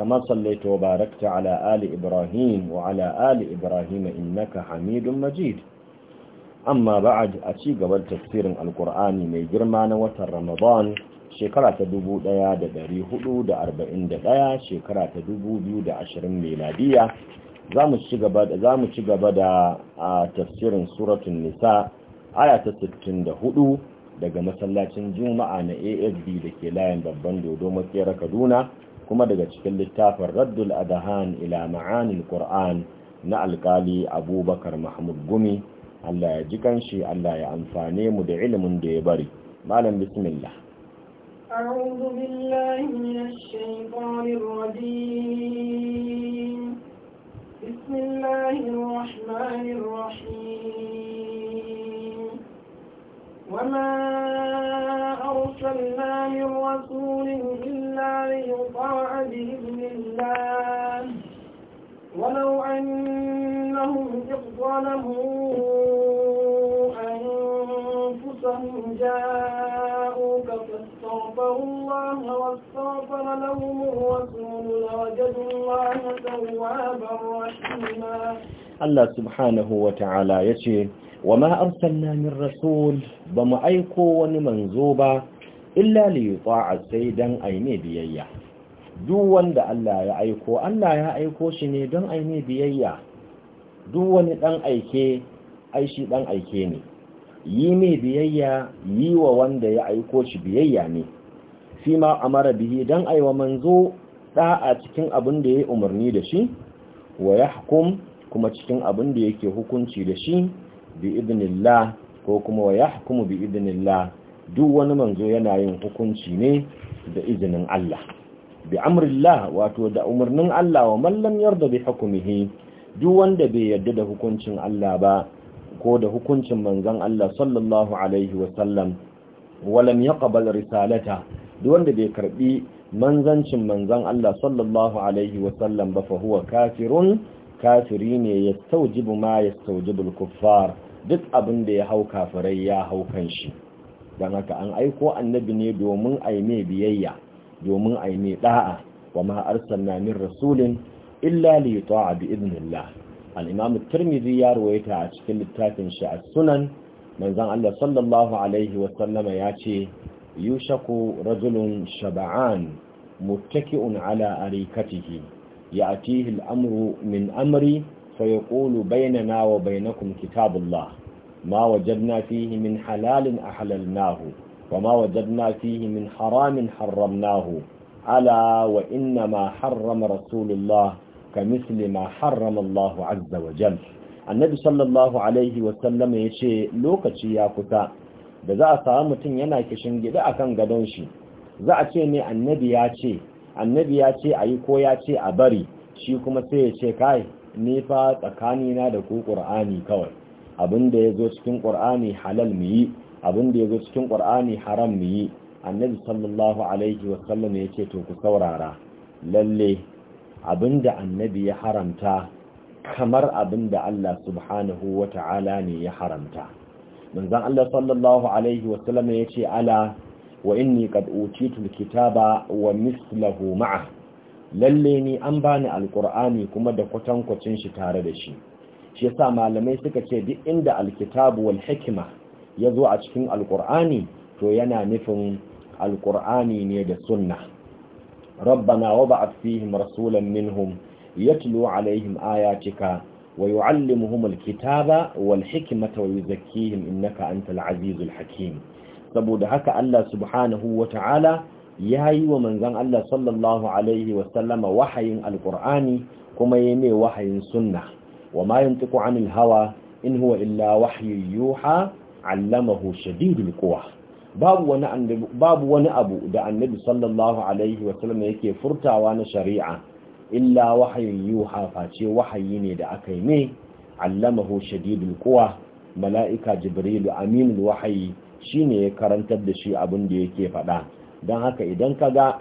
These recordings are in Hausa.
كما صليت وباركت على آل إبراهيم وعلى آل إبراهيم إنك حميد مجيد أما بعد أتيق والتفسير القرآن من جرمان وتر رمضان شكرة دبو ديا دبري حدود أربعين ديا شكرة دبو بيو عشرين ميلادية za mu ci gaba da a tafsirin suratun nisa aya ta 64 daga masallacin juma'a na afd da ke layin babban dodo makera kaduna kuma daga cikin littafin raddul adahan ila ma'anil qur'an na alkali abubakar mahmud gumi allah ya ji kanshi allah ya amfane mu da ilimin da ya bari malam bismillah أعوذ بالله من الشيطان الرجيم بسم الله الرحمن الرحيم وما أرسلنا من رسول إلا ليطاع بإذن الله ولو أنهم إذ أنفسهم جاءوا الله واستغفر لهم الرسول لوجدوا الله توابا رحيما الله سبحانه وتعالى يشي وما أرسلنا من رسول بما أيكو ونمنزوبا إلا ليطاع السيدا أيني بيئيا duk wanda Allah ya aiko Allah ya aiko shi ne don aini biyayya duk wani ɗan aike ai shi dan aike ne yi mai biyayya yi wa wanda ya aiko shi biyayya ne fima amara bihi dan aiwa manzo a cikin abin da yayi umarni da shi wa yahkum kuma cikin abin da yake hukunci da shi bi idnillah ko kuma wa yahkumu bi idnillah duk wani manzo yana yin hukunci ne da izinin Allah bi amrillah wato da umarnin Allah wa lam yarda bi hukumihi duk wanda bai yarda da hukuncin Allah ba ko da hukuncin manzon Allah sallallahu alaihi wa sallam walam yaqbal risalata duk wanda bai karbi manzancin manzan Allah sallallahu alaihi wa sallam ba fa huwa kafirun kafiri ne ya taujibu ma ya taujibul kuffar duk abin da ya hau kafirai ya hau kanshi? shi haka an aiko annabi ne domin aime biyayya domin aime da'a wa ma arsalna min rasulin illa li yuta'a bi idnillah al-imam at-tirmidhi ya rawaita a cikin littafin shi as-sunan manzan Allah sallallahu Alaihi wasallama ya ce, Yushaku rajulun shaba'an muttaki'un ala arikatihi ya atihil amru min amri sai ƙulu bainana wa bainakun kitabullah ma wajen fihi min halalin a halalnahu wa ma wajen fihi min haramin haramnahu ala wa inna ma harrama rasulullah ka misli ma harrama Allah azza wa jams annabi sallallahu alaihi ya ce lokaci ya kusa da za a samu mutum yana kishin gida akan gadon shi za a ce ne annabi ya ce annabi ya ce a yi ko ya ce a bari shi kuma sai ya ce kai ni tsakanina da ku ƙur'ani kawai abin da ya zo cikin ƙur'ani halal mu yi abin ya zo cikin ƙur'ani haram mu yi annabi sallallahu alaihi ya ce to ku saurara lalle abinda annabi ya haramta kamar abin da Allah subhanahu wa ta'ala ne ya haramta Manzan Allah sallallahu alaihi wasallam ya ce ala wa inni qad utitul kitaba wa mislahu ma'a lalle ni an bani Alƙur'ani kuma da kwatankwacin shi tare da shi shi sa malamai suka ce duk inda alkitabu wal ya zo a cikin Alƙur'ani? to yana nufin Alƙur'ani ne da sunna rabbana wa ba'ath fihim rasulan minhum yatlu alaihim ayatika wa yu'allimuhum alkitaba wal hikmata wa yuzakkihim innaka antal azizul hakim saboda haka Allah subhanahu wata'ala yayi wa manzon Allah sallallahu alaihi wa sallama wahayin alqur'ani kuma yayi mai wahayin sunna wa ma yantiqu anil hawa in huwa illa wahyu yuha allamahu shadidul quwa babu wani babu wani abu da annabi sallallahu alaihi wa sallam yake furtawa na shari'a illa wahayin yuha face wahayi ne da aka yi ne allamahu shadidul Kuwa? mala'ika jibrilu aminul wahayi shine ya karantar da shi abin da yake faɗa don haka idan kaga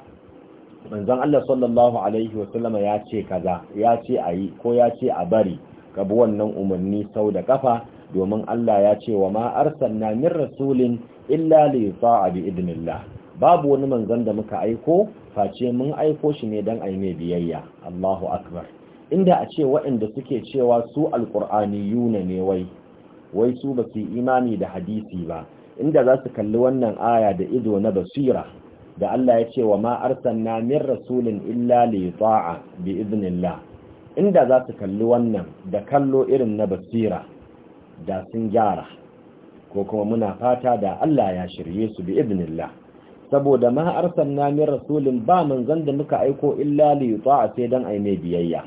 manzon Allah sallallahu alaihi wasallam ya ce kaza ya ce ayi ko ya ce a bari ka bi wannan umarni sau da kafa domin Allah ya ce wa ma arsalna min rasulin illa li yuta'a bi idnillah babu wani manzan da muka aiko face mun aiko shi ne dan ai mai biyayya Allahu akbar inda a ce waɗanda suke cewa su yuna ne wai wai su ba su imani da hadisi ba inda za su kalli wannan aya da ido na basira da Allah ya ce wa ma arsalna min rasulin illa li bi idnillah inda za su kalli wannan da kallo irin na basira da sun gyara ko kuma muna fata da Allah ya shirye su bi idnillah saboda ma arsalna rasulin ba manzon da muka aiko illa li yuta'a sai dan ai mai biyayya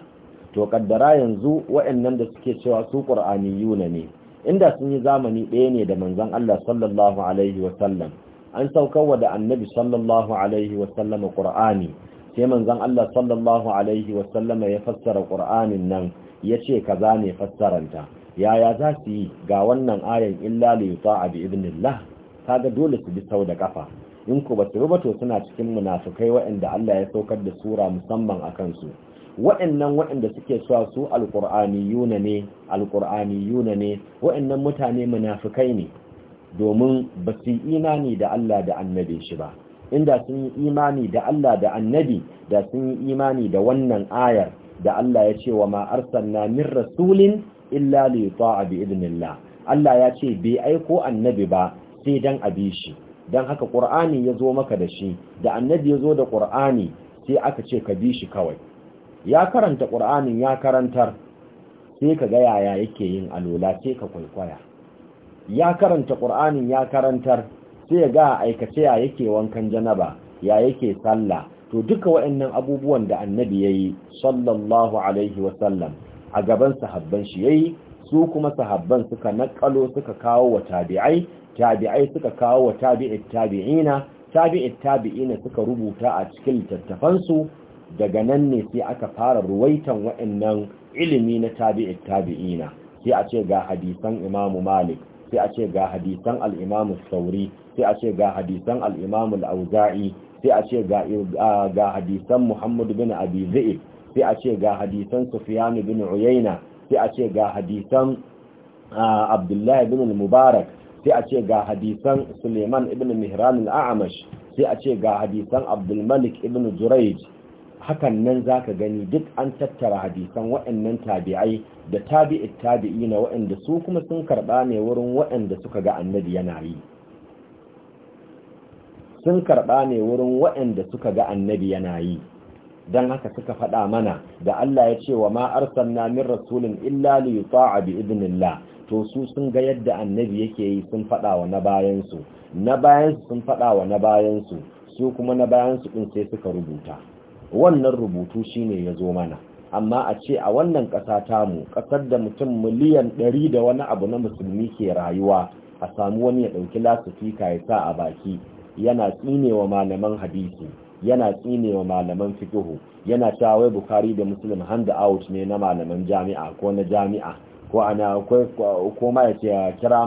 to kaddara yanzu waɗannan da suke cewa su qur'aniyuna ne inda sun yi zamani ɗaya ne da manzan Allah sallallahu alaihi wa an saukarwa da annabi sallallahu alaihi qur'ani sai manzon Allah sallallahu alaihi ya fassara qur'anin nan ya ce kaza ne fassaranta yaya za su yi ga wannan ayan illa li yuta'a bi kaga dole su bi sau da kafa in ku ba su to suna cikin munafukai waɗanda Allah ya saukar da sura musamman a kansu waɗannan waɗanda suke suwa su yuna ne Alƙur'ani yuna ne waɗannan mutane munafukai ne domin ba su imani da Allah da annabi shi ba inda sun yi imani da Allah da annabi da sun yi imani da wannan ayar da Allah ya ce wa ma arsalna min rasulin illa li yuta'a bi idnillah Allah ya ce bai aiko annabi ba sai dan bi shi don haka ƙur'ani ya zo maka da shi da annabi ya zo da ƙur'ani sai aka ce ka bi shi kawai ya karanta ƙur'anin ya karantar sai ka ga yaya yake yin alola sai ka kwaikwaya ya karanta ƙur'anin ya karantar sai ya ga aikace ya yake wankan janaba ya yake sallah to duka waɗannan abubuwan da annabi ya yi sallallahu alaihi wasallam a gaban sahabban shi ya yi su kuma sahabban suka nakalo suka kawo wa tabi'ai tabi'ai suka kawo wa tabi'it tabi'ina tabi'it tabi'ina suka rubuta a cikin littattafansu daga nan ne sai aka fara ruwaitan waɗannan ilimi na tabi'it tabi'ina sai a ce ga hadisan imamu malik sai a ce ga hadisan al'imamu sauri sai a ce ga hadisan al'imamu al'auza'i sai a ce ga hadisan muhammadu bin abi sai a ce ga hadisan sufiyanu bin uyaina sai a ce ga hadisan abdullahi ibn al-mubarak sai a ce ga hadisan suleiman ibn mihran al amash sai a ce ga hadisan abdulmalik ibn jurayj hakan nan zaka gani duk an tattara hadisan waɗannan tabi'ai da tabi'it tabi'i na waɗanda su kuma sun karɓa ne wurin waɗanda suka ga annabi yana yi sun karɓa ne wurin waɗanda suka ga annabi yana yi dan haka suka faɗa mana da Allah ya ce wa ma arsalna min rasulin illa li yuta'a bi idnillah to su sun ga yadda annabi yake yi sun faɗa wa na bayansu, su na bayan sun faɗa wa na bayansu, su kuma na bayansu ɗin sai suka rubuta wannan rubutu shine ya zo mana amma a ce a wannan ƙasa mu, ƙasar da mutum miliyan ɗari da wani abu na musulmi ke rayuwa a samu wani ya ɗauki lasifika ya sa a baki yana tsinewa malaman hadisi yana tsine wa malaman fiqhu yana cewa wai bukhari da muslim hand out ne na malaman jami'a ko na jami'a ko ana ko ma ya kira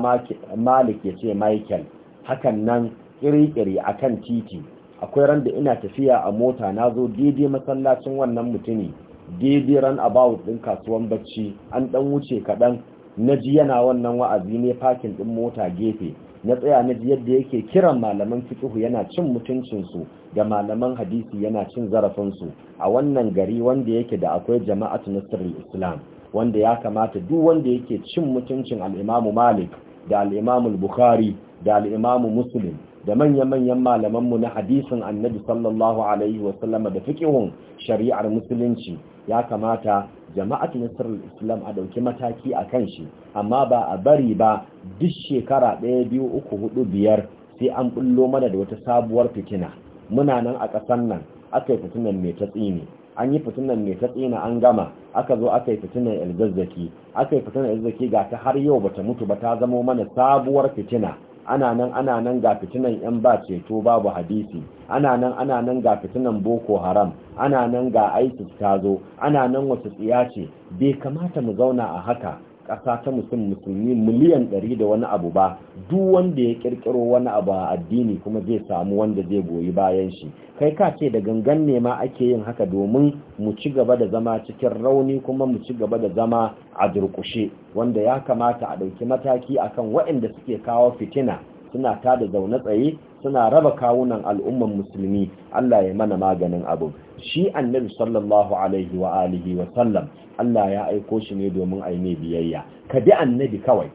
malik ya ce michael hakan nan kiri akan titi akwai ran da ina tafiya a mota na zo daidai masallacin wannan mutumi daidai ran about ɗin kasuwan bacci an ɗan wuce kaɗan na ji yana wannan wa'azi ne parking din mota gefe na tsaya na ji yadda yake kiran malaman fiqhu yana cin mutuncinsu Da malaman hadisi yana cin zarafinsu a wannan gari wanda yake da akwai jama'atu nasirul islam wanda ya kamata duk wanda yake cin mutuncin al'imamu malik da al'imamu bukhari da al'imamu muslim da manya-manyan malamanmu na hadisin annabi sallallahu alaihi wasallama da fiƙihun shari'ar musulunci ya kamata jama'atu nasarar islam a ɗauki mataki a kan shi amma ba a bari ba duk shekara ɗaya biyu uku hudu biyar sai an ɓullo mana da wata sabuwar fitina muna nan a ƙasan nan aka yi fitinan mai ta tsini an yi fitinan mai ta tsini an gama aka zo aka yi fitinan elzazzaki aka yi fitinan elzazzaki ga ta har yau bata mutu ba ta zamo mana sabuwar fitina ana nan ana nan ga fitinan yan ba ceto babu hadisi ana nan ana nan ga fitinan boko haram ana nan ga isis ta zo ana nan wasu tsiya ce bai kamata mu zauna a haka ƙasa ta musulmi musulmi miliyan ɗari da wani abu ba duk wanda ya ƙirƙiro wani abu a addini kuma zai samu wanda zai goyi bayan shi kai ka ce da gangan ne ma ake yin haka domin mu ci gaba da zama cikin rauni kuma mu ci gaba da zama a durƙushe wanda ya kamata a ɗauki mataki akan waɗanda suke kawo fitina suna tada zaune tsaye suna raba kawunan al'umman musulmi Allah ya mana maganin abu shi annabi sallallahu alaihi wa alihi wa sallam Allah ya aiko shi ne domin a yi biyayya ka bi annabi kawai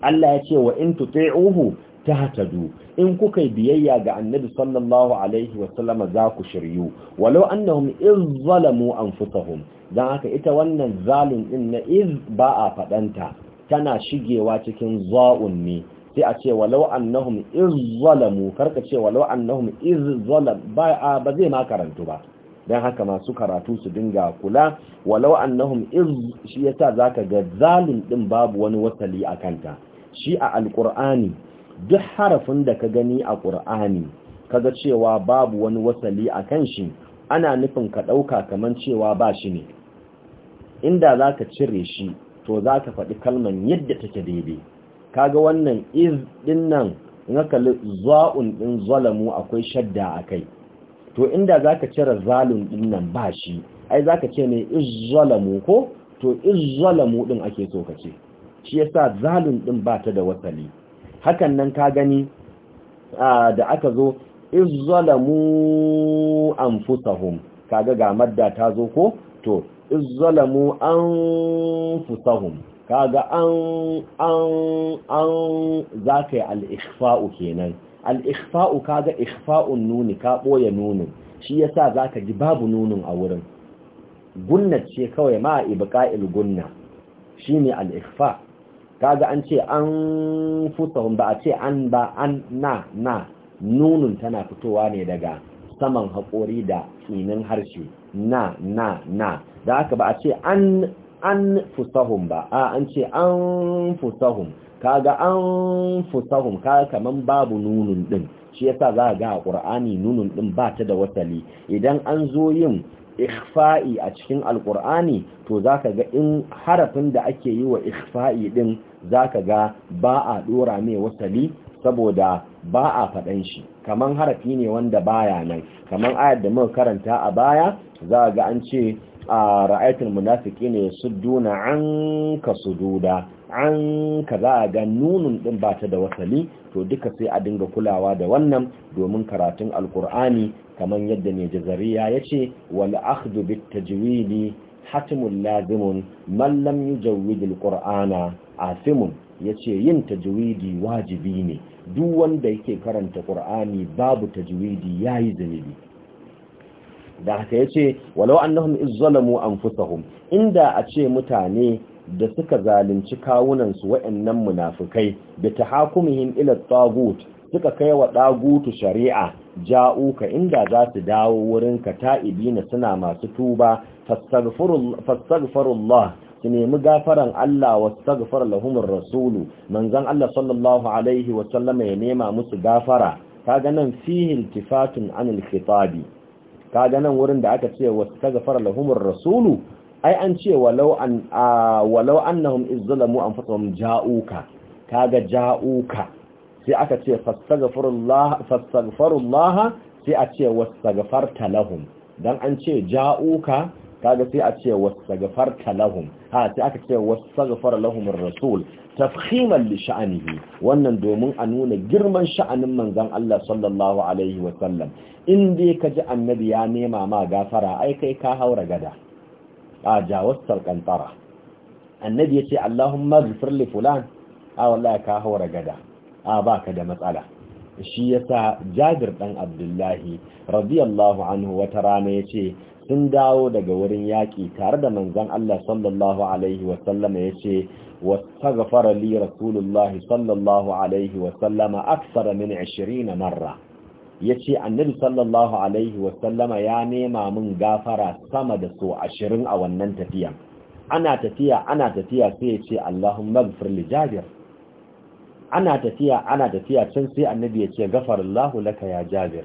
Allah ya ce wa in tuti'uhu tahtadu in kuka yi biyayya ga annabi sallallahu alaihi wa sallama za ku shiryu walau annahum iz zalamu anfusahum dan haka ita wannan zalun din na iz ba a fadanta tana shigewa cikin za'un ne sai a ce walau annahum iz zalamu karka ce walau annahum iz zalam ba ba zai ma karantu ba dan haka masu karatu su dinga kula walau annahum iz shi yasa zaka ga zalim din babu wani wasali a kanta shi a alqur'ani duk harafin da ka gani a qur'ani kaga cewa babu wani wasali akan shi ana nufin ka dauka kaman cewa ba shi ne inda zaka cire shi to zaka faɗi kalman yadda take daidai kaga wannan iz din nan in kalli za'un din zalamu akwai shadda akai to inda zaka cire zalun din nan ba shi ai zaka ce ne iz zalamu ko to iz zalamu din ake so ka ce shi yasa zalun din ba ta da wasali hakan nan ka gani da aka zo iz zalamu anfusahum kaga ga madda ta zo ko to iz zalamu anfusahum kaga an an an za ka yi kenan kenan ikhfau kaga ikhfa'un nuni ka ɓoye nunin shi yasa zaka ka ji babu nunin a wurin Gunna ce kawai ma ibqa'il gunna shine al-ikhfa kaga an ce an futahum ba a ce an ba an na na nunun tana fitowa ne daga saman haƙori da tsinin harshe na na na da haka ba a ce an an fusahum ba a an ce an fusahum kaga an fusahum ka kaman babu nunun din shi yasa za ga a ƙur'ani nunun din ba ta da wasali idan an zo yin ikhfa'i a cikin alƙur'ani to zaka ga in harafin da ake yi wa ikhfa'i din zaka ga ba a ɗora mai wasali saboda ba a faɗan shi kaman harafi ne wanda baya nan kaman ayar da muka karanta a baya za ga an ce a ra'aitul munafiki ne 'anka sududa an ka za a ga nunun din ba ta da wasali to duka sai a dinga kulawa da wannan domin karatun alkur'ani Kaman yadda ne jazariya ya ce wal akhdhu bit tajwidi hatimun lazimun man lam yujawwid alqur'ana asimun yace yin tajwidi wajibi ne duk wanda yake karanta qur'ani babu tajwidi yayi zanibi da haka yace walau annahum izzalamu anfusahum inda a ce mutane da suka zalunci kawunan su waɗannan munafikai ta tahakumihim ilar tagut suka kai wa ɗagutu shari'a ja'uka inda za su dawo wurinka ibina, suna masu tuba fastaghfirullah su nemi gafaran Allah wa staghfar lahumur rasulu manzon Allah sallallahu alaihi wa sallama ya nema musu gafara kaga nan fihi iltifatun anil khitabi Ka nan wurin da aka ce wasu wastaghfara lahumar rasulu ai an ce walau an walau annahum izzalamu anfusahum ja'uka ga ja'uka sai aka ce fastaghfirullah laha, sai a ce wasu wastaghfarta lahum dan an ce ja'uka Ka ga sai a ce wasu wastaghfarta lahum ha sai aka ce wasu wastaghfara lahumar rasul tafhiman li sha'anihi wannan domin a nuna girman sha'anin manzon Allah sallallahu alaihi wa sallam in dai ka ji annabi ya nema ma gafara ai kai ka haura gada a jawas sarkantara annabi yace Allahumma ghfir li fulan a wallahi ka haura gada a baka da matsala shi yasa Jabir dan Abdullahi radiyallahu anhu wata rana yace sun dawo daga wurin yaƙi tare da manzan Allah sallallahu alaihi wasallam ya ce wastaghfara li rasulullah sallallahu alaihi a aksara min 20 marra yace annabi sallallahu alaihi wasallam ya nema min gafara sama da so 20 a wannan tafiyan ana tafiya ana tafiya sai ya ce Allahumma ighfir li Jabir ana tafiya ana tafiya can sai annabi ya ce gafarallahu laka ya Jajir!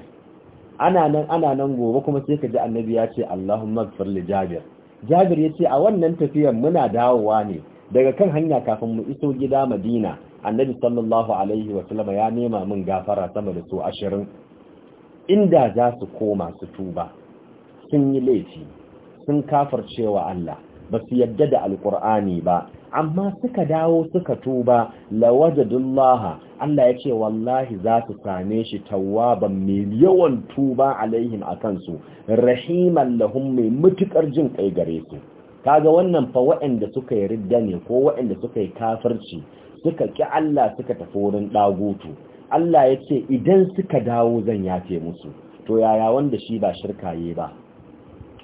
ana nan ana nan gobe kuma sai ka ji annabi ya ce Allahumma ighfir li Jabir Jabir ya ce a wannan tafiyar muna dawowa ne daga kan hanya kafin mu iso gida Madina annabi sallallahu alaihi wa sallama ya nema min gafara sama da su ashirin inda za su koma su tuba sun yi laifi sun kafircewa Allah ba su yadda da alkur'ani ba amma suka dawo suka tuba lawajadullaha Allah ya ce wallahi za su same shi tawwaban mai tuba alaihim akan su rahiman lahum mai mutukar jin kai gare su kaga wannan fa waɗanda suka yi ridda ne ko waɗanda suka yi kafirci suka ki Allah suka tafi wurin dagutu Allah ya ce idan suka dawo zan yafe musu to yaya wanda shi ba shirka ba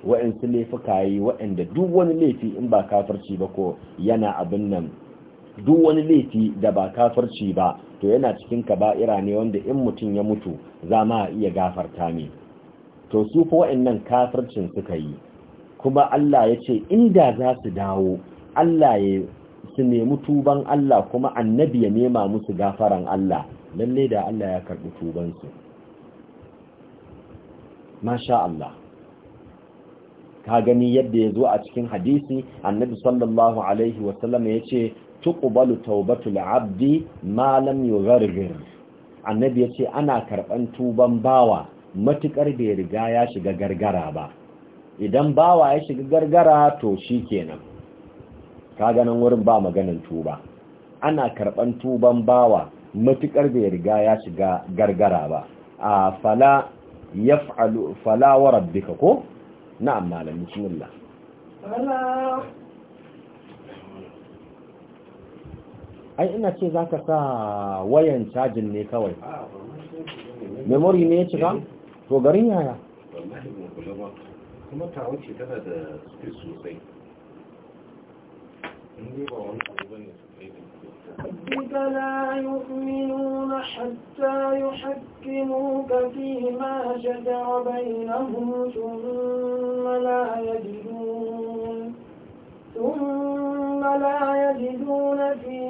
Waɗansu laifuka yi waɗanda duk wani laifi in ba kafarci ba ko yana abin nan duk wani laifi da ba kafarci ba to yana cikin kaba'ira ne wanda in mutum ya mutu za ma iya gafarta ne to su fa nan kafarcin suka yi kuma Allah ya ce inda za su dawo Allah ya su nemi tuban Allah kuma annabi ya nema musu gafaran Allah lalle da Allah ya karɓi tubansu masha Allah ka gani yadda ya zo a cikin hadisi annabi sallallahu alaihi wasallam ya ce tuqbalu tawbatul abdi ma lam yugharghir annabi ya ce ana karban tuban bawa matukar ya riga ya shiga gargara ba idan bawa ya shiga gargara to shikenan ka ganin wurin ba maganan tuba ana karban tuban bawa matukar bai riga ya shiga gargara ba a fala yaf'alu fala wa rabbika ko na'am malam bismillah ai ina ce zaka sa wayan cajin ne kawai memory ne ya ka to garin yaya kuma tawon ce tana da space sosai in ba wani abu bane ربك لا يؤمنون حتى يحكموك فيما شجر بينهم ثم لا يجدون ثم لا يجدون في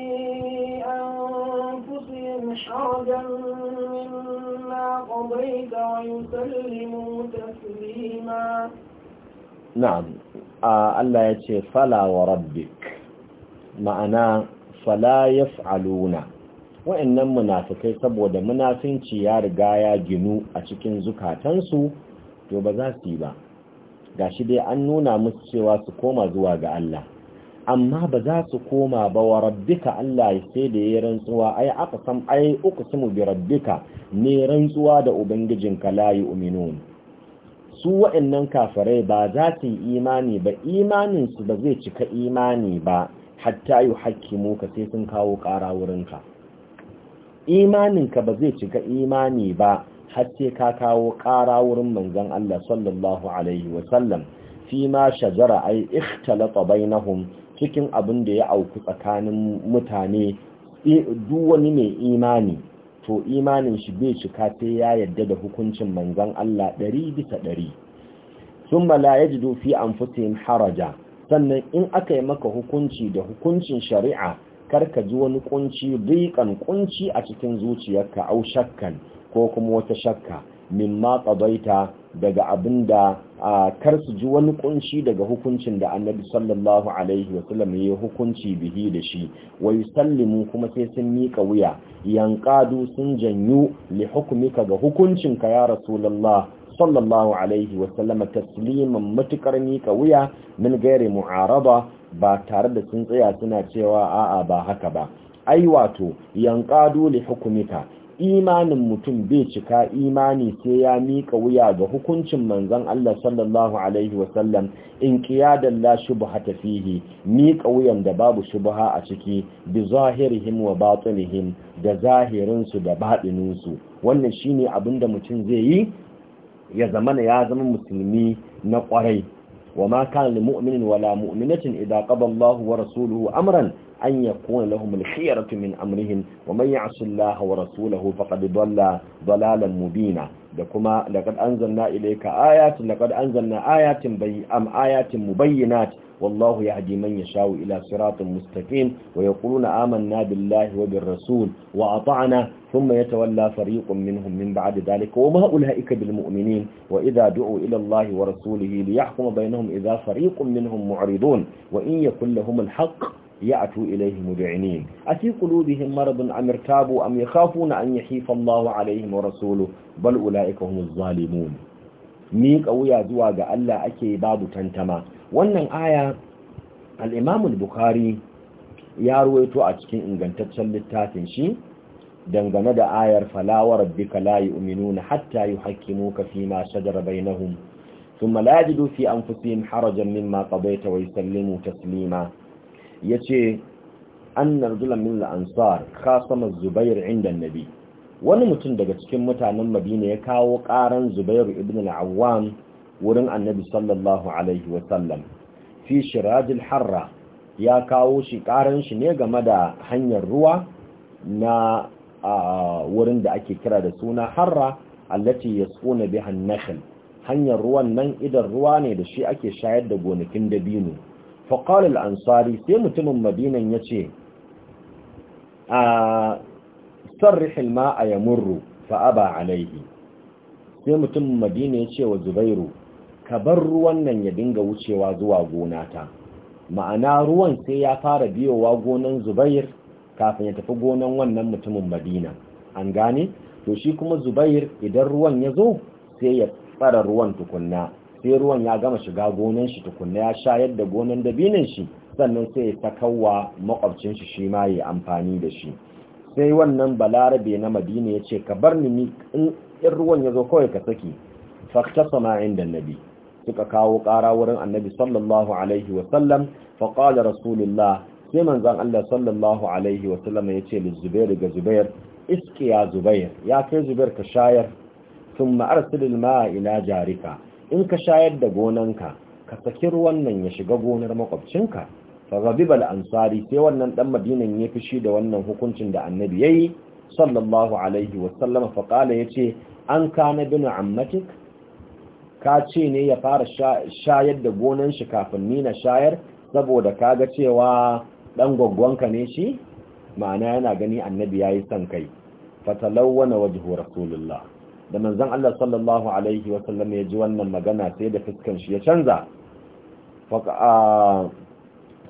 أنفسهم حرجا مما قضيت ويسلموا تسليما نعم آه، الله يتشي فلا وربك معناه fala yaf'aluna wa'annan munafikai saboda munafinci ya riga ya ginu a cikin zukatansu to ba za su yi ba gashi dai an nuna musu cewa su koma zuwa ga Allah amma ba za su koma ba wa rabbika Allah sai da ya rantsuwa ai aka san ai uqsimu bi rabbika ne rantsuwa da ubangijinka la yu'minun su wa'annan kafirai ba za su yi imani ba imanin su ba zai cika imani ba hatta yi hakimu ka sai sun kawo ƙara wurinka imaninka ba zai cika imani ba har sai ka kawo ƙara wurin manzon Allah sallallahu alaihi wasallam fi ma shajara ai ikhtalata bainahum cikin abin da ya auku tsakanin mutane duk wani mai imani to imanin shi bai cika sai ya yadda da hukuncin manzan Allah ɗari bisa ɗari sun la yajidu fi anfusihim haraja sannan in aka yi maka hukunci da hukuncin shari'a kar ka ji wani kunci riƙan kunci a cikin zuciyarka au shakkan ko kuma wata shakka min maƙabaita daga abinda kar su ji wani kunci daga hukuncin da Annabi sallallahu alaihi wa sallam, ya hukunci bihi da shi wa yusallimu kuma sai sun miƙa wuya yanqadu sun janyu li hukumika ga hukuncinka ya rasulullah sallallahu alaihi wasallama tasliman matukar miƙa wuya min gairi mu'araba ba tare da sun tsaya suna cewa a'a ba haka ba ai wato yanqadu li hukumika imanin mutum bai cika imani sai ya mika wuya ga hukuncin manzon Allah sallallahu alaihi wasallam in qiyadan la shubhata fihi miƙa wuyan da babu shubha a ciki bi zahirihim wa batinihim da zahirin su da batinin su wannan shine abinda mutum zai yi ya zamana ya zama musulmi na kwarai wa ma kana mu'minin wala mu'minatin idza qada wa rasuluhu amran أن يكون لهم الخيرة من أمرهم ومن يعص الله ورسوله فقد ضل ضلالا مبينا لكما لقد أنزلنا إليك آيات لقد أنزلنا آيات بي أم آيات مبينات والله يهدي من يشاء إلى صراط مستقيم ويقولون آمنا بالله وبالرسول وأطعنا ثم يتولى فريق منهم من بعد ذلك وما أولئك بالمؤمنين وإذا دعوا إلى الله ورسوله ليحكم بينهم إذا فريق منهم معرضون وإن يكن لهم الحق ya'tu ilayhi mud'inin ati qulubihim maradun am irtabu am yakhafuna an yahifa Allahu alayhim wa rasuluhu bal ulaika humuz zalimun ni kauya zuwa ga Allah ake babu tantama wannan aya al-Imam bukhari ya ruwaito a cikin ingantaccen littafin shi dangane da ayar Falawar wa rabbika na hatta hatta yuhaqqimuka fima shajara bainahum ثم لا يجدوا في harajan حرجا مما wai ويسلموا taslima. yace ce rajulan min al-ansar khasama Zubairu zubair inda nabi wani mutum daga cikin mutanen Madina ya kawo karan Zubair ibn al wurin Annabi sallallahu alaihi wa sallam fi shirajil harra ya kawo shi karan shi ne game da hanyar ruwa na wurin da ake kira da suna harra allati yasquna biha an-nakhl hanyar ruwan nan idan ruwa ne da shi ake shayar da gonakin dabino faƙal ansari sai mutumin madinan ya ce a sarrihil ma a yamurru fa'aba alaihi sai mutumin madina ya ce wa zubairu ka bar ruwan nan ya dinga wucewa zuwa gonata ma'ana ruwan sai ya fara biyowa gonan zubair kafin ya tafi gonan wannan mutumin madina an gane to shi kuma zubair idan ruwan ya zo sai ya tsara ruwan tukunna sai ruwan ya gama shiga gonan shi tukunna ya shayar da gonan dabinin shi sannan sai ya sakawa makwabcin shi shi ma ya amfani da shi sai wannan balarabe na madina ya ce ka bar ni in ruwan ya zo kawai ka saki Fakta ma'in da nabi suka kawo ƙara wurin annabi sallallahu alaihi wasallam faƙalar rasulullah sai Manzon allah sallallahu alaihi sallam ya ce da zubair ga zubair iskiya zubair ya kai zubair ka shayar sun ma'arsilin ma'a ina jarika in ka shayar da gonanka ka saki ruwan ya shiga gonar makwabcinka Farabibal ansari sai wannan dan madinan ya fishi da wannan hukuncin da annabi yayi sallallahu alaihi wa sallam fa qala yace an kana bin ammatik ka ce ne ya fara shayar da gonan shi kafin ni na shayar saboda kaga cewa dan gwaggwanka ne shi ma'ana yana gani annabi yayi son kai fatalawwana wajhu rasulullah da manzon Allah sallallahu alaihi wa ya ji wannan magana sai da fuskan shi ya canza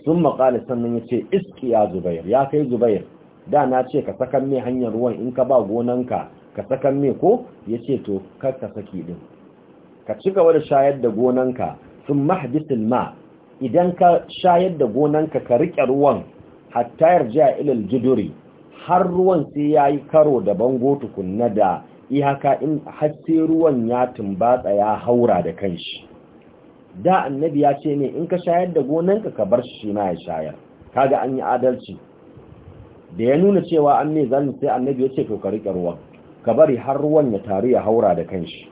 sun maƙali sannan ya ce iski ya zubair ya kai zubair da na ce ka sakan mai hanyar ruwan in ka ba gonanka ka sakan mai ko ya ce to kar ka saki din ka ci gaba da shayar da gonanka sun mahdisil ma idan ka shayar da gonanka ka riƙe ruwan hatta yarja ilal juduri har ruwan sai yayi karo da bango tukunna da iyaka in har sai ruwan ya tumbatsa ya haura da kanshi da annabi ya ce ne in ka shayar da gonanka ka bar shi ma ya shayar kaga an yi adalci da ya nuna cewa an ne zan sai annabi ya ce to ka rike ruwan ka bari har ruwan ya taru ya haura da kanshi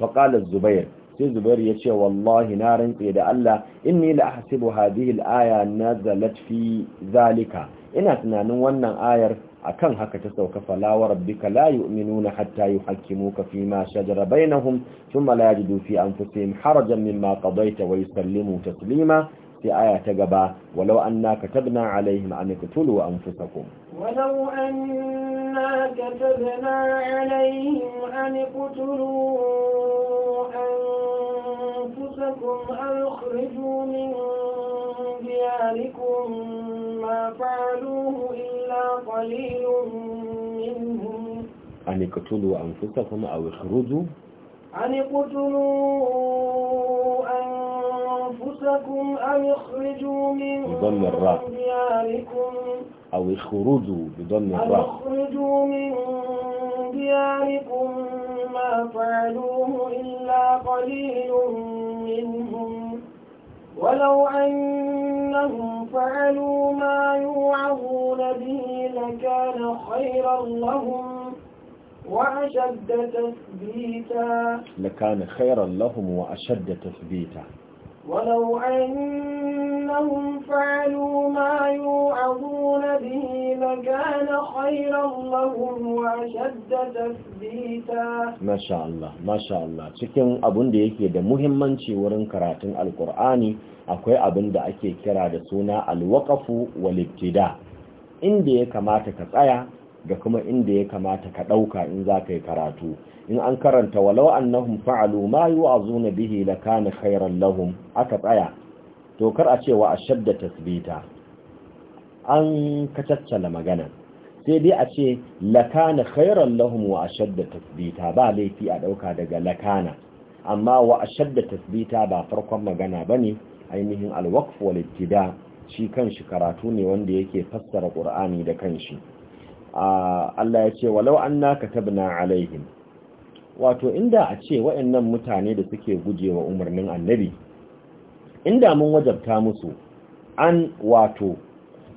fa qala zubair sai zubair ya ce wallahi na rantse da Allah inni la ahsibu hadhihi al-aya nazalat fi zalika ina tunanin wannan ayar akan haka ta sauka fala wa rabbika la yu'minuna hatta yuhaqqimuka fima shajara bainahum thumma la yajidu fi anfusihim harajan mimma qadayta wa yusallimu sai aya ta gaba walau anna katabna alaihim an yaqtulu anfusakum walau anna katabna alaihim an yaqtulu anfusakum akhrijuu min diyarikum ma faluhu قليل منهم أن اقتلوا أنفسكم أو اخرجوا أن اقتلوا أنفسكم أو اخرجوا من بضم الراء أو اخرجوا بضم الراء أو اخرجوا من دياركم ما فعلوه إلا قليل منهم ولو أنهم فعلوا ما يوعظون به لكان خيرا لهم وأشد تثبيتا لكان خيرا لهم وأشد تثبيتا ولو أنهم فعلوا ما يوعظون به لكان خيرا لهم وأشد تثبيتا ما شاء الله ما شاء الله cikin abun da yake da muhimmanci wurin karatun alkur'ani akwai abin da ake kira da suna alwaqafu wal inda ya kamata ka tsaya da kuma inda ya kamata ka ɗauka in za ka yi karatu in an karanta walau annahum fa'alu ma yu'azuna bihi lakana khairan lahum aka tsaya to kar a wa ashadda tasbita an ka caccala magana sai dai a ce lakana khairan lahum wa ashadda tasbita ba laifi a ɗauka daga lakana amma wa ashadda tasbita ba farkon magana bane ainihin alwaqf wal ittida shi kanshi karatu ne wanda yake fassara qur'ani da kanshi Allah ya ce walau anna katabna alaihim wato inda a ce waɗannan mutane da suke gujewa umarnin annabi inda mun wajabta musu an wato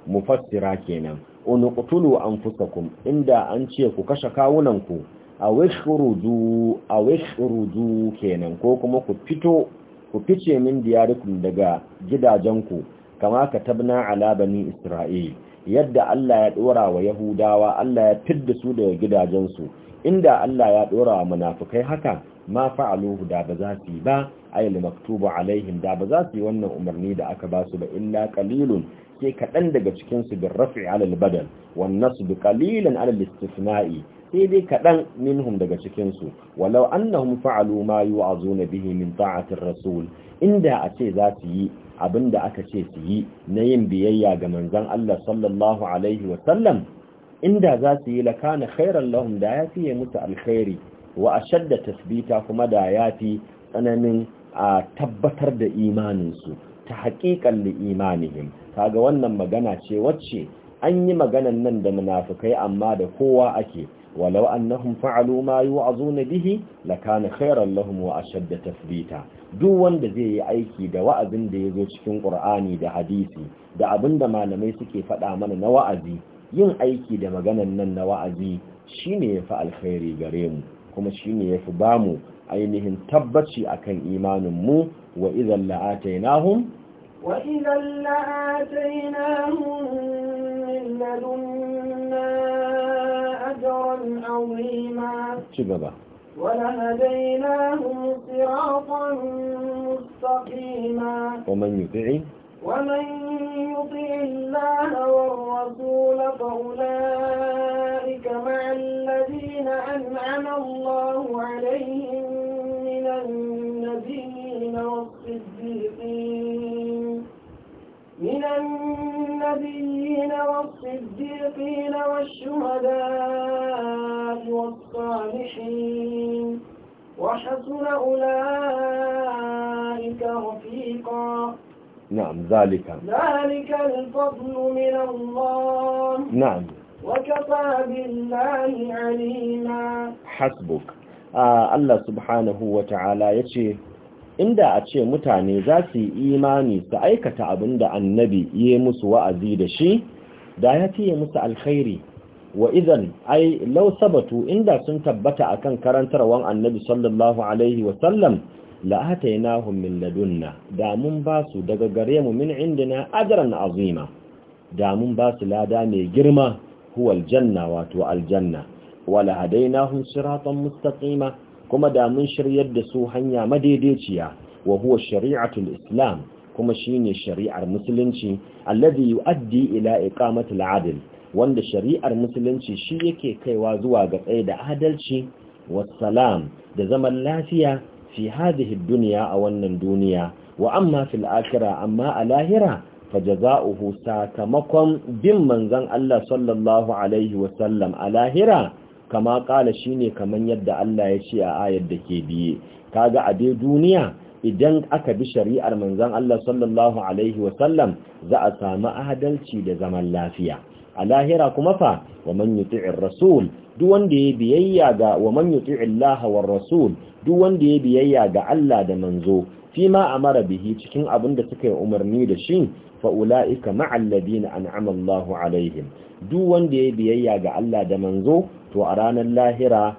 mufassira kenan qutulu anfusakum inda an ce ku kashe kawunanku awishruju awishruju kenan ko kuma ku fito ku fice min diyarikum daga gidajenku kama katabna ala bani isra'il yadda Allah ya dora wa yahudawa Allah ya fidda su daga gidajensu inda Allah ya dora wa munafikai haka ma fa'aluhu da ba za su yi ba ayyul maktubu alaihim da ba za su yi wannan umarni da aka ba su ba illa qalilun ke kaɗan daga cikinsu bin rafi alal badal wan nasb qalilan alal istisna'i sai dai kaɗan minhum daga cikinsu walau annahum fa'alu ma yu'azuna bihi min ta'atir rasul inda a ce za su yi abin da aka ce su yi na yin biyayya ga manzon Allah sallallahu alaihi wa sallam inda za su yi lakana khairan lahum da ya fiye musu alkhairi wa ashadda tasbita kuma da ya fi tsananin a tabbatar da imaninsu ta haƙiƙan li imanihim kaga wannan magana ce wacce an yi maganan nan da munafukai amma da kowa ake ولو أنهم فعلوا ما يوعظون به لكان خيرا لهم وأشد تثبيتا duk wanda zai yi aiki da wa'azin da ya zo cikin ƙur'ani da hadisi da abin da malamai suke faɗa mana na wa'azi yin aiki da maganan nan na wa'azi shine ya fi alkhairi gare mu kuma shine ya fi bamu ainihin tabbaci akan imanin mu wa idan la'atainahum wa na أجرا عظيما شبابا ولهديناهم صراطا مستقيما ومن يطع ومن يطع الله والرسول فأولئك مع الذين أنعم الله عليهم من النبيين والصديقين من النبيين والصديقين والشهداء والصالحين وحسن أولئك رفيقا نعم ذلك ذلك الفضل من الله نعم وكفى بالله عليما حسبك آه الله سبحانه وتعالى يتشيه inda a ce mutane za su yi imani su aikata abin da annabi ya musu wa'azi da shi da ya fiye musu alkhairi wa izan ai law sabatu inda sun tabbata akan karantarwan annabi sallallahu alaihi wa sallam la min ladunna da mun ba su daga gare mu min indina ajran azima da mun ba su lada mai girma huwa aljanna wato aljanna wala nahun siratan mustaƙima kuma da mun shiryar da su hanya madaidaiciya wa huwa shari'atul islam kuma shine shari'ar musulunci alladhi yuaddi ila iqamatil adl wanda shari'ar musulunci shi yake kaiwa zuwa ga tsaye da adalci wassalam da zaman lafiya fi hadhihi dunya a wannan duniya wa amma fil akhirah amma a lahira fajaza'uhu sakamakon bin manzon Allah sallallahu alaihi wasallam a lahira kama kala shine kaman yadda Allah ya ce a ayar da ke biye kaga a dai duniya idan aka bi shari'ar manzon Allah sallallahu alaihi za a samu adalci da zaman lafiya a lahira kuma fa wa man yuti'ir rasul duk wanda ya biyayya ga wa man yuti'ir war rasul duk wanda ya biyayya ga Allah da manzo fi ma mara bihi cikin abin da suka yi umarni da shi fa ulaika ma'al ladina Allahu alaihim duk wanda ya biyayya ga Allah da manzo to a ranar lahira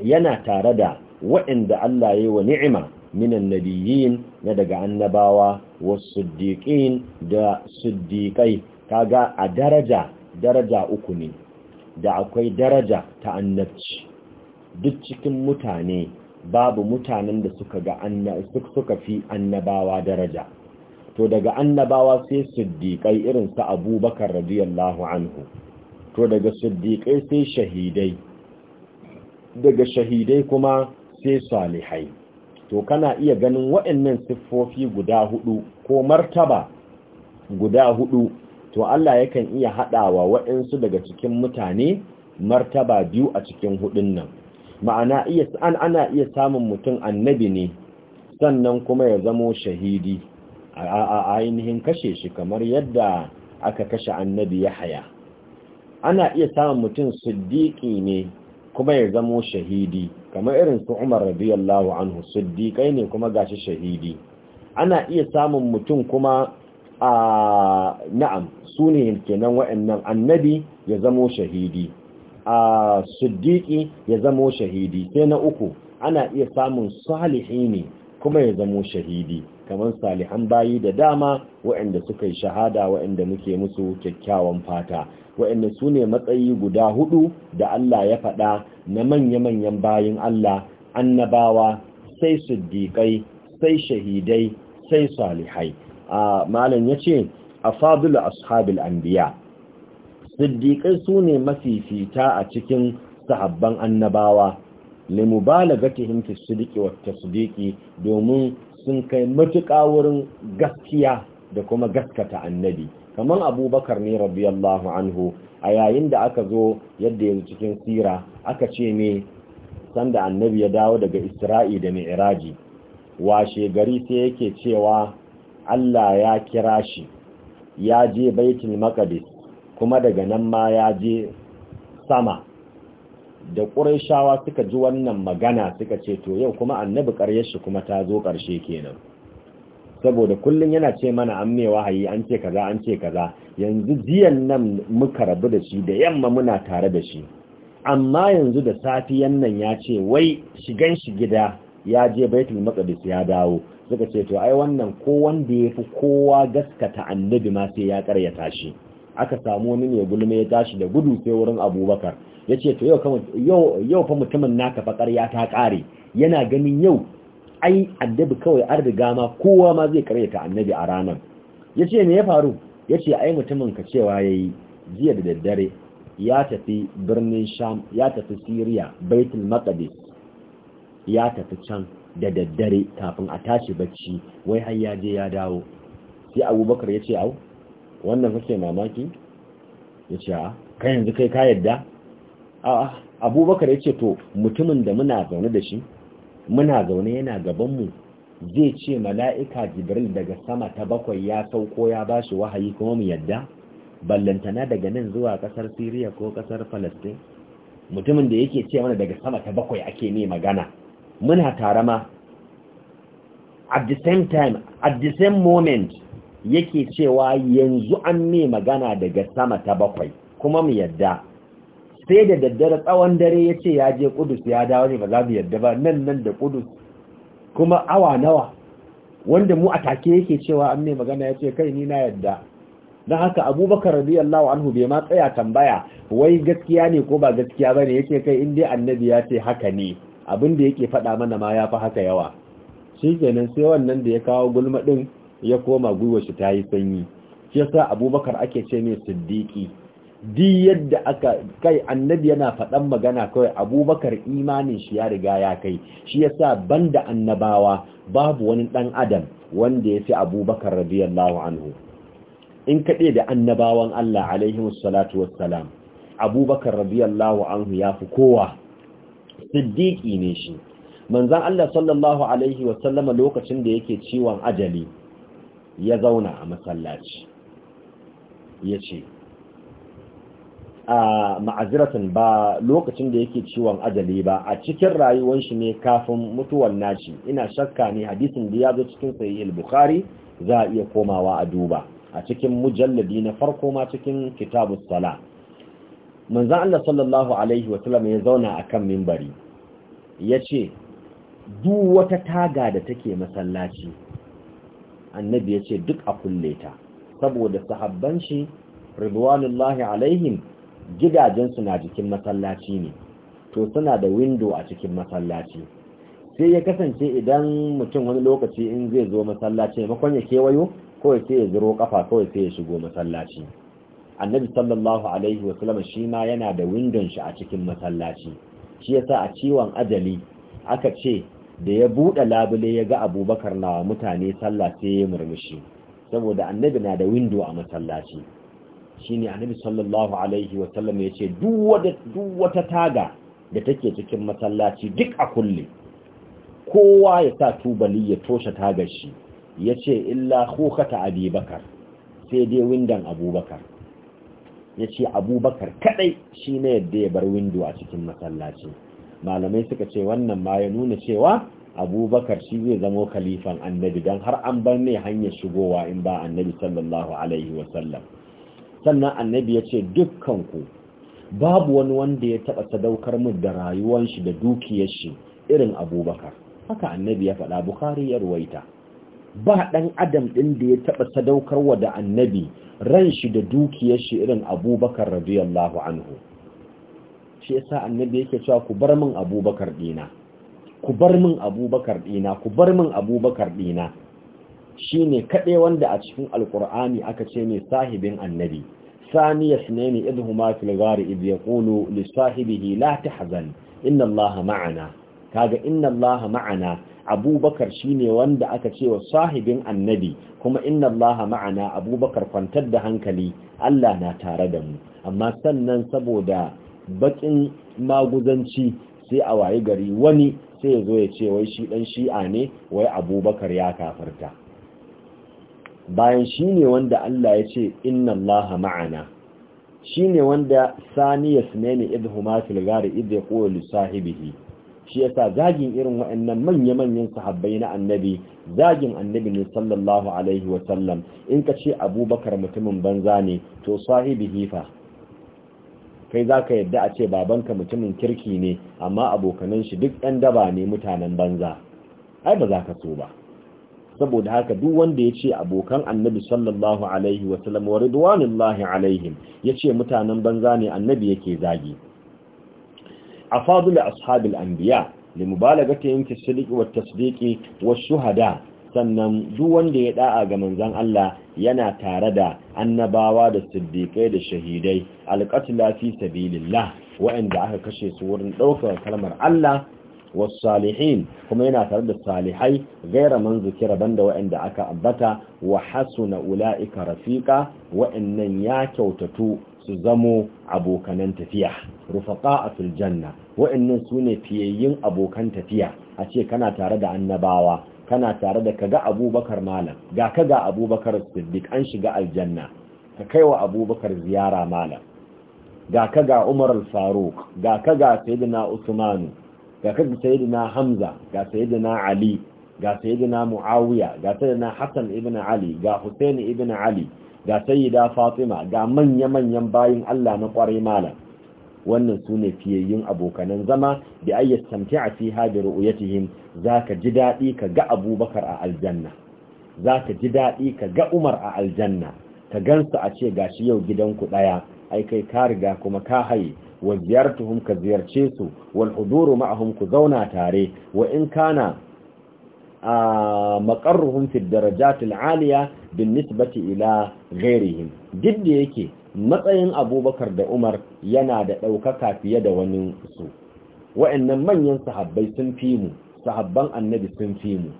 yana tare da waɗanda Allah ya yi wa ni'ima minan nabiyyin na daga annabawa wasiddiqin da siddiqai kaga a daraja daraja uku ne da akwai daraja ta annabci duk cikin mutane babu mutanen da suka ga suka fi annabawa daraja to daga annabawa sai siddiƙai irin su abubakar radiyallahu anhu to daga siddiƙai sai shahidai daga shahidai kuma sai salihai to kana iya ganin waɗannan siffofi guda hudu ko martaba guda hudu to Allah yakan iya haɗawa waɗansu daga cikin mutane martaba biyu a cikin hudun nan ma'ana iya an ana iya samun mutum annabi ne sannan kuma ya zamo shahidi a ainihin kashe shi kamar yadda aka kashe annabi ya haya? ana iya samun mutum siddiqi ne kuma ya zamo shahidi kamar irin su Umar radiyallahu anhu siddiqai ne kuma gashi shahidi ana iya samun mutum kuma a na'am sune kenan wa'annan annabi ya zamo shahidi a siddiƙi ya zamo shahidi sai na uku ana iya samun salihi ne kuma ya zamo shahidi kamar salihan bayi da dama waɗanda suka yi shahada waɗanda muke musu kyakkyawan fata waɗanda su ne matsayi guda hudu da Allah ya faɗa na manya-manyan bayin Allah annabawa sai siddiƙai sai shahidai sai salihai a malam ya ce a fadula ashabil anbiya siddiƙai su ne mafifita a cikin sahabban annabawa limubalagatihim fi sidiki wata Sidiƙi domin sun kai matuƙa wurin gaskiya da kuma gaskata annabi kaman abubakar ne rabiyallahu anhu a yayin da aka zo yadda yanzu cikin sira aka ce ne sanda annabi ya dawo daga isra'i da mi'raji washe gari sai yake cewa Allah ya kira shi ya je baitul maqdis kuma daga nan ma ya je sama da ƙurashawa suka ji wannan magana suka ce to yau kuma annabi ƙaryar shi kuma ta zo ƙarshe kenan saboda kullum yana ce mana an mai wahayi an ce kaza an ce kaza yanzu jiyan nan muka rabu da shi da yamma muna tare da shi amma yanzu da safiyan nan ya ce wai shigan shi gida ya je baitul maqdis ya dawo suka ce to ai wannan ko wanda fi kowa gaskata annabi ma sai ya karyata shi aka samu wani ne gulma ya tashi da gudu sai wurin abubakar ya ce to yau fa mutumin naka fa ya ta ƙare yana ganin yau ai addabi kawai an riga ma kowa ma zai ta annabi a ranar ya ce me ya faru ya ce ai mutumin ka cewa ya yi jiya da daddare ya tafi birnin sham ya tafi siriya baitul maqdis ya tafi can da daddare kafin a tashi bacci wai har ya je ya dawo sai abubakar ya ce au wannan kake mamaki ya a kai yanzu kai ka yadda abubakar ya ce to mutumin da muna zaune da shi muna zaune yana gaban mu. zai ce mala'ika jibril daga sama ta bakwai ya sauko ya bashi wahayi kuma mu yadda ballantana daga nan zuwa kasar siriya ko kasar falastin mutumin da yake ce mana daga sama ta bakwai ake ne magana muna tare ma at the same time at the same moment yake cewa yanzu an ne magana daga sama ta bakwai kuma mu yadda sai da daddare tsawon dare ya ce ya je kudus ya dawo ne ba za mu yadda ba nan nan da kudus kuma awa nawa wanda mu a take yake cewa an ne magana ya ce kai ni na yadda don haka abubakar radiyallahu anhu bai ma tsaya tambaya wai gaskiya ne ko ba gaskiya bane yace kai in dai annabi ya ce haka ne abin da yake faɗa mana ma ya fi haka yawa shi kenan sai wannan da ya kawo gulma ɗin ya koma gwiwa shi ta yi sanyi shi yasa abubakar ake ce mai siddiqi di yadda aka kai annabi yana faɗan magana kawai abubakar imanin shi ya riga ya kai shi yasa banda annabawa babu wani ɗan adam wanda ya fi abubakar radiyallahu anhu in kaɗe da annabawan Allah alaihi wassalatu wassalam abubakar radiyallahu anhu ya fi kowa siddiƙi ne shi manzan Allah sallallahu alaihi wasallama lokacin da yake ciwon ajali ya zauna a masallaci ya ce a ma'aziratin ba lokacin da yake ciwon ajali ba a cikin rayuwar shi ne kafin mutuwan nashi ina shakka ne hadisin da ya zo cikin sahih bukhari za a iya komawa a duba a cikin mujalladi na farko ma cikin kitabus sala manzon Allah sallallahu alaihi wa sallam ya zauna a akan minbari yace duk wata taga da take masallaci annabi ya ce duk a kulle ta saboda sahabban shi ridwanullahi alaihim gidajensu na jikin masallaci ne to suna da window a cikin masallaci sai ya kasance idan mutum wani lokaci in zai zo masallaci makon ya kewayo kawai sai ya zuro kafa kawai sai ya shigo masallaci annabi sallallahu alaihi wa sallam shi ma yana da windon shi a cikin masallaci shi yasa a ciwon ajali aka ce da ya buɗe labule ya ga abubakar na mutane sallah sai ya murmushi saboda annabi na da windo a masallaci shine annabi sallallahu alaihi wasallam ya ce duk wata taga da take cikin masallaci duk a kulle kowa ya sa tubali ya toshe tagar shi ya ce illa kata abubakar sai dai windon abubakar ya ce abubakar kadai shi ne yadda ya bar windo a cikin masallaci malamai suka ce wannan ma ya nuna cewa abubakar shi zai zamo khalifan annabi don har an bar ne hanyar shigowa in ba annabi sallallahu alaihi wasallam sannan annabi ya ce dukkanku babu wani wanda ya taɓa sadaukar mu da rayuwar shi da dukiyar shi irin abubakar haka annabi ya faɗa bukari ya ruwaita ba ɗan adam ɗin da ya taɓa sadaukar wa da annabi ran shi da dukiyar shi irin abubakar radiyallahu anhu shi yasa annabi yake cewa ku bar min abubakar dina ku bar min abubakar dina ku bar min abubakar dina shine kaɗai wanda a cikin alkur'ani aka ce ne sahibin annabi sani yasnani idhuma fil ghari ya yaqulu li sahibihi la tahzan inna allaha ma'ana kaga inna allaha ma'ana abubakar shine wanda aka ce wa sahibin annabi kuma inna allaha ma'ana abubakar kwantar da hankali allah na tare da mu amma sannan saboda bakin maguzanci sai a wayi gari wani sai ya zo ya ce wai shi dan shi'a ne wai abubakar ya kafarta bayan shi ne wanda Allah ya ce inna Allah ma'ana shi ne wanda sani ya sune ne idh huma fil gari idh yaqulu li sahibihi shi yasa zagin irin waɗannan manya-manyan sahabbai na annabi zagin annabi ne sallallahu alaihi wa sallam in ka ce abubakar mutumin banza ne to sahibihi fa kai za ka yadda a ce babanka mutumin kirki ne amma abokanan shi duk ɗan daba ne mutanen banza ai ba za ka so ba saboda haka duk wanda ya ce abokan annabi sallallahu alaihi wa ridwanullahi alaihim ya ce mutanen banza ne annabi yake zagi a fadula ashabil anbiya limubalaga ta yanki siliki wa tasdiki wa shuhada sannan duk wanda ya da'a ga manzon Allah yana tare da annabawa da siddiqai da shahidai alqatla fi sabilillah wa'anda aka kashe su wurin daukar kalmar Allah Salihin, kuma yana tare da salihai gaira man zikira banda waɗanda aka ambata wa hasuna ulaika rafiqa waɗannan ya kyautatu su zamo abokanan tafiya rufaqa fil janna waɗannan sune fiyayyun abokan tafiya a ce kana tare da annabawa kana tare da kaga abubakar malam ga kaga abubakar siddiq an shiga aljanna ka wa abubakar ziyara malam ga kaga umar al-faruq ga kaga sayyidina usman ga kaga sayyidina hamza ga sayyidina ali ga sayyidina muawiya ga sayyidina hasan ibn ali ga husaini ibn ali ga sayyida fatima ga manya-manyan bayin Allah na kwarai malam wannan su ne fiyayyun abokanan zama da ayyar samti'a fi hajji ru'uyatihim za ka ji daɗi ka ga abubakar a aljanna za ka ji daɗi ka ga umar a aljanna ka gansu a ce gashi yau gidanku ɗaya ai kai ka riga kuma ka haye wa ziyartuhum ka ziyarce su wal huduru ma'ahum ku zauna tare wa in kana a maqarruhum fi darajatil aliya bin nisbati ila ghairihim didda yake matsayin abubakar da umar yana da ɗaukaka fiye da wani su wa'annan manyan sahabbai sun fi mu sahabban annabi sun fi mu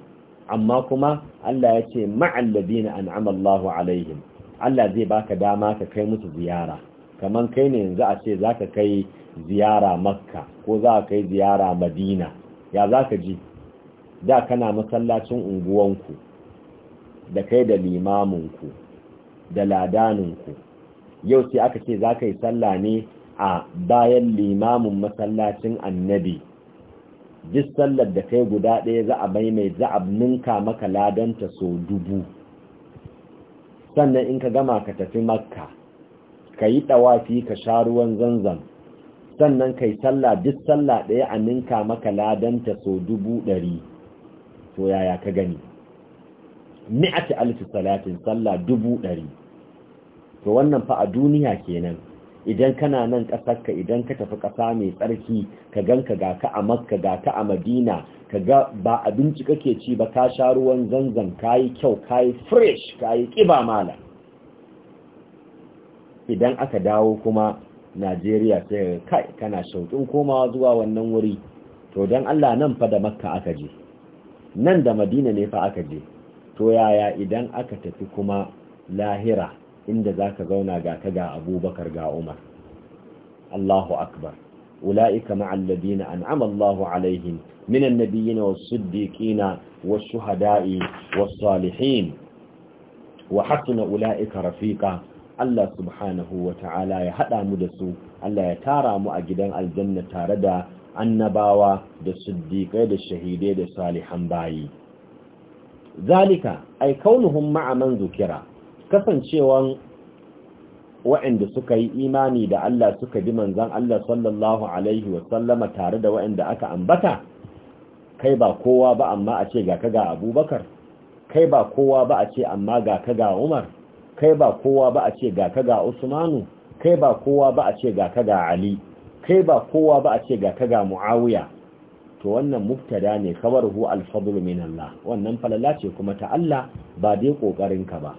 amma kuma Allah ya ce ma'allabina an'ama Allahu alaihim Allah zai baka dama ka kai musu ziyara kaman kai ne yanzu a ce zaka kai ziyara Makka ko za ka kai ziyara Madina ya zaka ji da kana masallacin unguwanku da kai da limaminku da ladaninku yau sai aka ce za ka yi sallah ne a bayan limamin masallacin annabi duk sallar da kai guda ɗaya za a bai mai za ninka maka ladanta so dubu sannan in ka gama ka tafi makka ka yi ɗawafi ka sha ruwan zanzan sannan ka yi sallah duk sallah ɗaya a ninka maka ladanta so dubu ɗari to yaya ka gani mi'ati alfi salatin sallah dubu ɗari to wannan fa a duniya kenan idan kana nan ƙasarka idan ka tafi ƙasa mai tsarki ka ganka ga ka a makka ga ka a madina ka ga ba abinci kake ci ba ka sha ruwan zanzan kayi kyau kayi fresh kayi ƙiba mala idan aka dawo kuma najeriya sai kai kana shauƙin komawa zuwa wannan wuri to don allah nan fa da makka aka je nan da madina ne fa aka je to yaya idan aka tafi kuma lahira inda za ka zauna ga ta ga abubakar ga umar allahu akbar ula'ika ma'alladina an'ama allahu alaihim minan nabiyina was-siddiqina wash-shuhada'i was-salihin wa hasuna ula'ika rafiqa Allah subhanahu wa ta'ala ya haɗa mu da su, Allah ya tara mu a gidan aljanna tare da annabawa da siddiƙai da shahidai da salihan bayi. Zalika, ai kaunuhun man zukira, kasancewan wa'anda suka yi imani da Allah suka bi manzan Allah sallallahu alaihi wasallama tare da wa'anda aka ambata kai ba kowa ba amma a ce ga ka ga abubakar kai ba kowa ba a ce amma ga ka ga umar kai ba kowa ba a ce ga ka ga usmanu kai ba kowa ba a ce ga ka ga ali kai ba kowa ba a ce ga ka ga muawiya to wannan muftada ne kawar al-fadl min Allah wannan falala ce kuma ta Allah ba dai ƙoƙarinka ba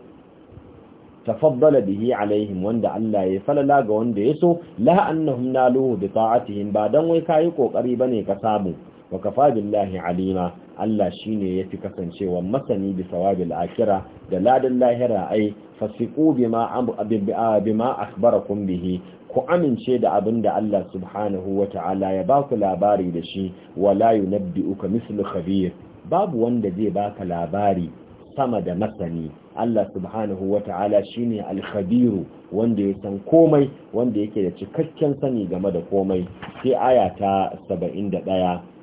tafaddala bihi alaihim wanda Allah ya falala ga wanda ya so la annahum naluhu bi ta'atihim ba dan wai kai kokari bane ka samu wa kafa billahi alima Allah shine ya yafi kasancewa masani bi sawabil akhirah da ladan lahira ai fasiqu bima bima akhbarakum bihi ku amince da abin da Allah subhanahu wa ta'ala ya baku labari da shi wala yunabbi'uka mislu khabir babu wanda zai baka labari sama da masani Allah subhanahu wa ta'ala shi ne alkhabiru wanda ya san komai wanda yake da cikakken sani game da komai sai aya ta 71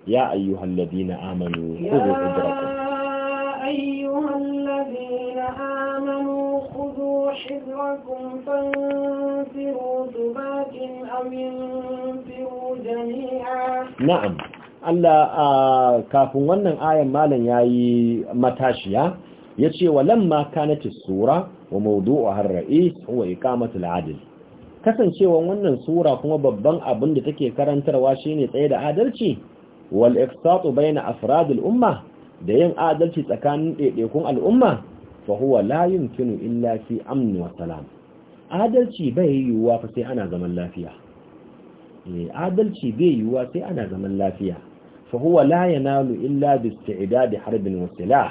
ya ayyuhal ladina amanu khudhu idrakum amanu na'am Allah ah, kafin wannan ayan malam ya yi matashiya ce, wa lamma as-sura wa mawdu'uha har rais huwa iqamatu al-'adl wannan sura kuma babban abin da take karantarwa shine tsaye da adalci wal iqsatu bayna afrad al-umma da yin adalci tsakanin ɗaiɗaikun al'umma fa huwa la illa fi amn wa salam adalci bai yiwuwa fa sai ana zaman lafiya eh adalci bai yiwuwa sai ana zaman lafiya fa huwa la yanalu illa bi isti'dad harbin wa silah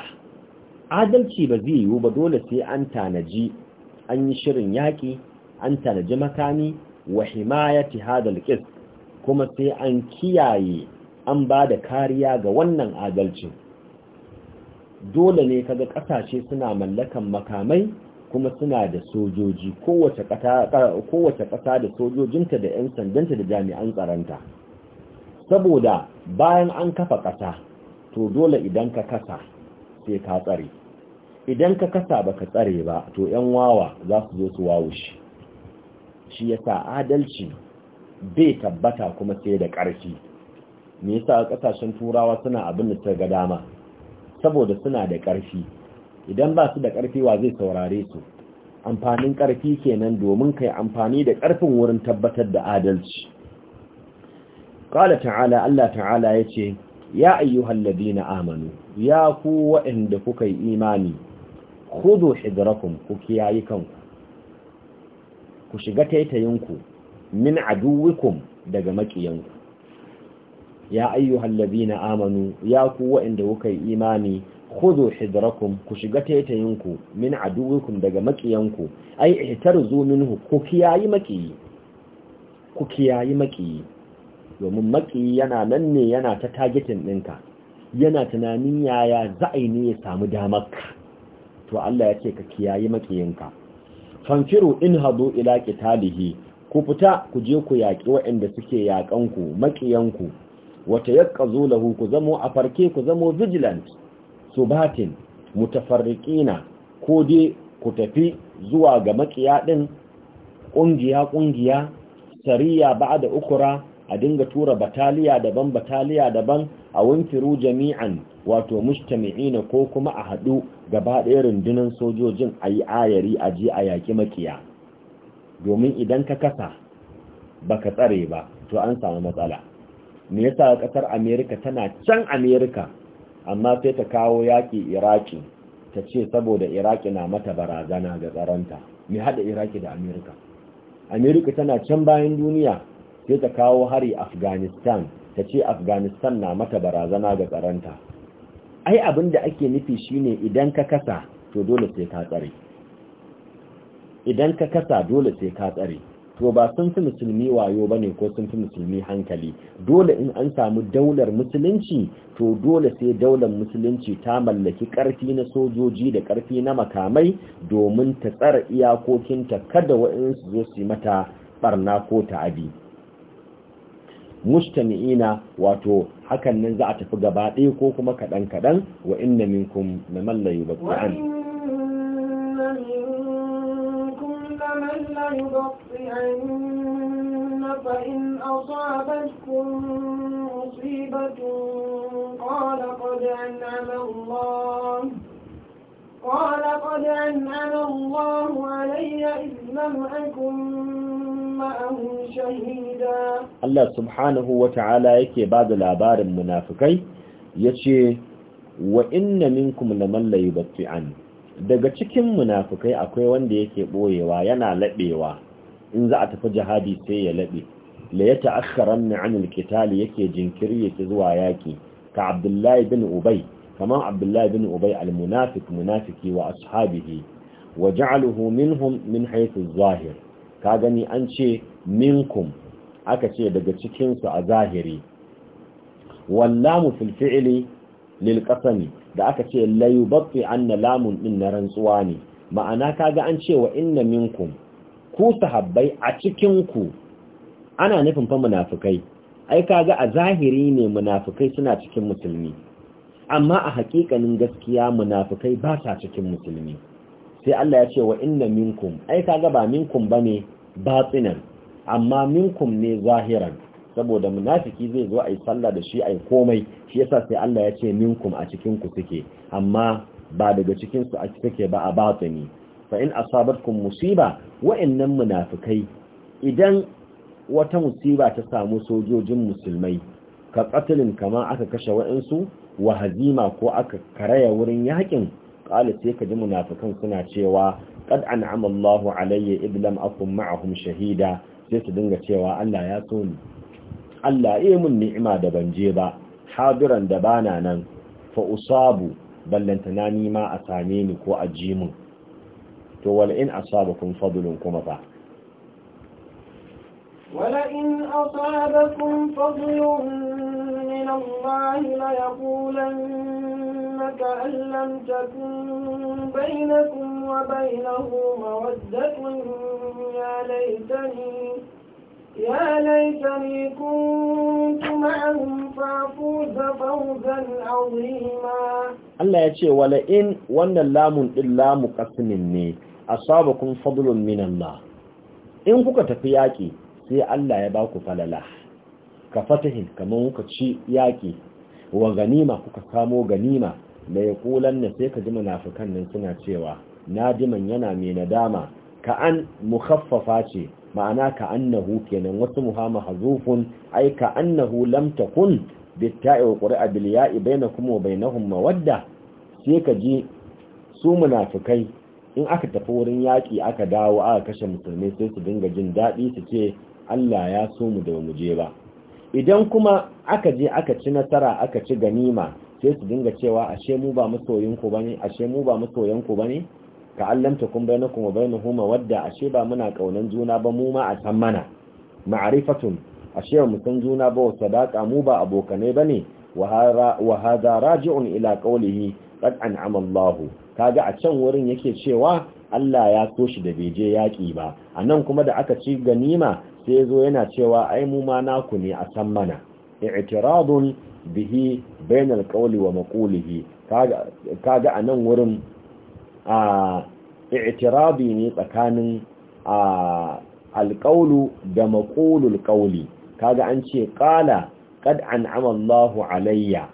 adalci ba zai yiwu ba dole sai an tanaji an yi shirin yaƙi an tanaji makami wa himayati hadal qis kuma sai an kiyaye an ba da kariya ga wannan adalcin dole ne kaga kasashe suna mallakan makamai kuma suna da sojoji kowace ƙasa da sojojinta da 'yan sandanta da jami'an tsaronta saboda bayan an kafa ƙasa to dole idan ka kasa sai ka tsare idan ka kasa baka tsare ba to yan wawa za su zo su wawo shi shi yasa adalci bai tabbata kuma sai da ƙarfi me yasa ƙasashen turawa suna abin da suka ga dama saboda suna da ƙarfi idan ba su da ƙarfi wa zai saurare su amfanin ƙarfi kenan domin kai amfani da ƙarfin wurin tabbatar da adalci qala ta'ala Allah ta'ala yace ya ayyuhal ladina amanu ya ku waɗanda kuka yi imani khudu hidrakum ku kiyayi kanku ku shiga taitayinku min aduwikum daga makiyanku ya ayyuhal ladina amanu ya ku waɗanda kuka yi imani khudhu hidrakum ku shiga taitayinku min aduwikum daga makiyanku ai ihtarzu minhu ku kiyayi makiyi ku kiyayi makiyi domin makiyi yana nan ne yana ta targeting ɗinka yana tunanin yaya za a yi ne ya samu damar to Allah ya ce ka kiyaye makiyinka fanfiru in hadu ila qitalihi ku fita ku je ku yaƙi waɗanda suke yakan ku makiyanku wata yaqazu lahu ku zamo a farke ku zamo vigilant mu mutafarriqina ko dai ku tafi zuwa ga makiya din kungiya kungiya sariya ba'da ukura a dinga tura bataliya daban bataliya daban a wunfiru jami'an wato mujtami'ina ko kuma a haɗu gaba ɗaya rundunar sojojin a yi ayari a ji a yaƙi makiya domin idan ka kasa ba ka tsare ba to an samu matsala me yasa ƙasar amerika tana can amerika amma sai ta kawo yaƙi iraki ta ce saboda iraki na mata barazana ga tsaronta me haɗa iraki da amerika amerika tana can bayan duniya sai ta kawo hari afghanistan ta ce afghanistan na mata barazana ga tsaranta ai abin da ake nufi shine idan ka kasa to dole sai ka tsare idan ka kasa dole sai ka tsare to ba sun fi musulmi wayo ba ne ko sun fi musulmi hankali dole in an samu daular musulunci to dole sai daular musulunci ta mallaki ƙarfi na sojoji da ƙarfi na makamai domin ta tsara iyakokinta kada su zo su mata barna ko ta'adi mustami'ina wato hakan nan za a tafi gaba ɗaya ko kuma kaɗan kaɗan wa inna minkum na mallayu ba ƙwa'an فإن أصابتكم مصيبة قال قد أنعم الله قال قد أنعم الله علي إذ لم أكن ta'ala yake ba da labarin يكي بعد العبار المنافقين يشي وإن na لمن لا يبطئن daga cikin munafukai akwai wanda yake ɓoyewa yana labewa in za a tafi jihadi sai ya labe la ya ta'akhkharanna 'anil qital yake jinkiri yake zuwa yaki ka Abdullahi bin Ubay kamar Abdullahi bin Ubay al munafik munafiki wa ashabihi wa ja'aluhu minhum min haythu zahir ka gani an ce minkum aka ce daga cikinsu a zahiri wallamu fil fi'li lil da aka ce la an anna lamun din na rantsuwa ne ma'ana ka ga an ce wa inna minkum ku sahabbai a cikin ku ana nufin fa munafukai? ai ka ga a zahiri ne munafukai suna cikin musulmi amma a haƙiƙanin gaskiya munafukai ba sa cikin musulmi sai Allah ya ce wa inna minkum ai ga ba minkum bane batsinan amma minkum ne zahiran saboda munafiki zai zo a yi sallah da shi a yi komai shi yasa sai Allah ya ce minkum a cikinku suke amma ba daga cikinsu a suke ba a batsini fa in asabatkum musiba wa'annan munafikai idan wata musiba ta samu sojojin musulmai ka katilin kama aka kashe wa'ansu wa hazima ko aka karaya wurin yakin qala sai ka ji munafikan suna cewa qad an'ama Allahu alayya id lam akun shahida sai su dinga cewa Allah ya so Allah ya mun ni'ima da ban je ba hadiran da bana nan fa usabu ballantana ni ma a same ni ko a ji mun to wal in asabakum fadlun kuma fa ولئن أصابكم فضل من الله ليقولن كأن لم تكن بينكم وبينه مودة يا ليتني يا ليتني كنت معهم فأفوز فوزا عظيما الله يتشي ولئن وأن اللام إلا مقسم مني أصابكم فضل من الله in kuka tafi yaƙi sai Allah ya ba ku falala ka fatahin kamar kuka ci yaƙi wa ganima kuka samo ganima da ya na sai ka ji munafukan nan suna cewa nadiman yana mai nadama ka'an mukhaffafa ce ma'ana ka'annahu kenan wasu muhamma hazufun ai annahu lam takun bitta'i wa qur'a bil ya'i bainakum wa bainahum mawadda sai ka ji su munafikai in aka tafi wurin yaki aka dawo aka kashe musulmai sai su dinga jin daɗi su ce Allah ya so mu da mu je ba idan kuma aka je aka ci nasara aka ci ganima sai su dinga cewa ashe mu ba mu bane ashe mu ba masoyanku bane ka na kuma bai na bainahuma wadda ashe ba muna kaunan juna ba mu ma a san mana ma'arifatun ashe mu san juna ba sadaka mu ba abokanai ba wa hadha raji'un ila qawlihi qad an'ama ka kaga a can wurin yake cewa Allah ya so shi da je yaki ba anan kuma da aka ci ganima sai zo yana cewa ai mu ma naku ne a san mana i'tiradun bihi bainal qawli wa maqulihi kaga kaga anan wurin a i'tirabi ne tsakanin a da maqulul qawli kaga an ce qala qad an'ama Allahu alayya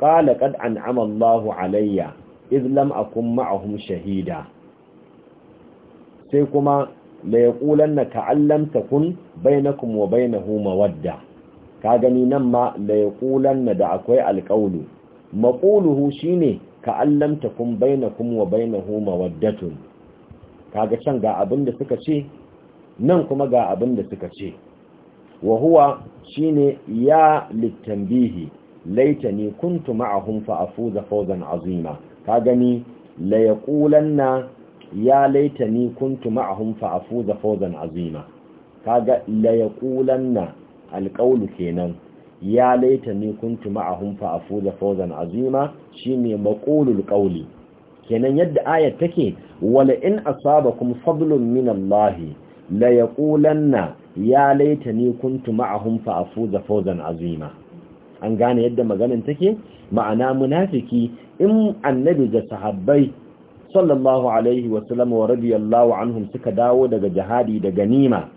qala qad an'ama Allahu alayya idh lam akun ma'ahum shahida sai kuma la yaqulanna ta'allam kun bainakum wa bainahu mawadda ka gani nan ma la yaqulanna da akwai alqawlu maquluhu ne. ka kun kun baina wa huma waddatun kaga can ga abin da suka ce nan kuma ga abin da suka ce wa huwa shine ya litanbihi laitani kuntu ma'ahum fa afuza fawzan azima ka gani la yaqulanna ya laitani kuntu ma'ahum fa afuza fawzan azima kaga la yaqulanna alqawlu kenan ya laita ni kuntu ma'ahum fa afuza fawzan azima shi shine maqulul ƙauli kenan yadda ayat take wala in asabakum fadlun min Allah la yaqulanna ya laita ni kuntu ma'ahum fa afuza fawzan azima an gane yadda maganin take ma'ana munafiki in annabi da sahabbai sallallahu alaihi wasallam wa radiyallahu anhum suka dawo daga jihadi da ganima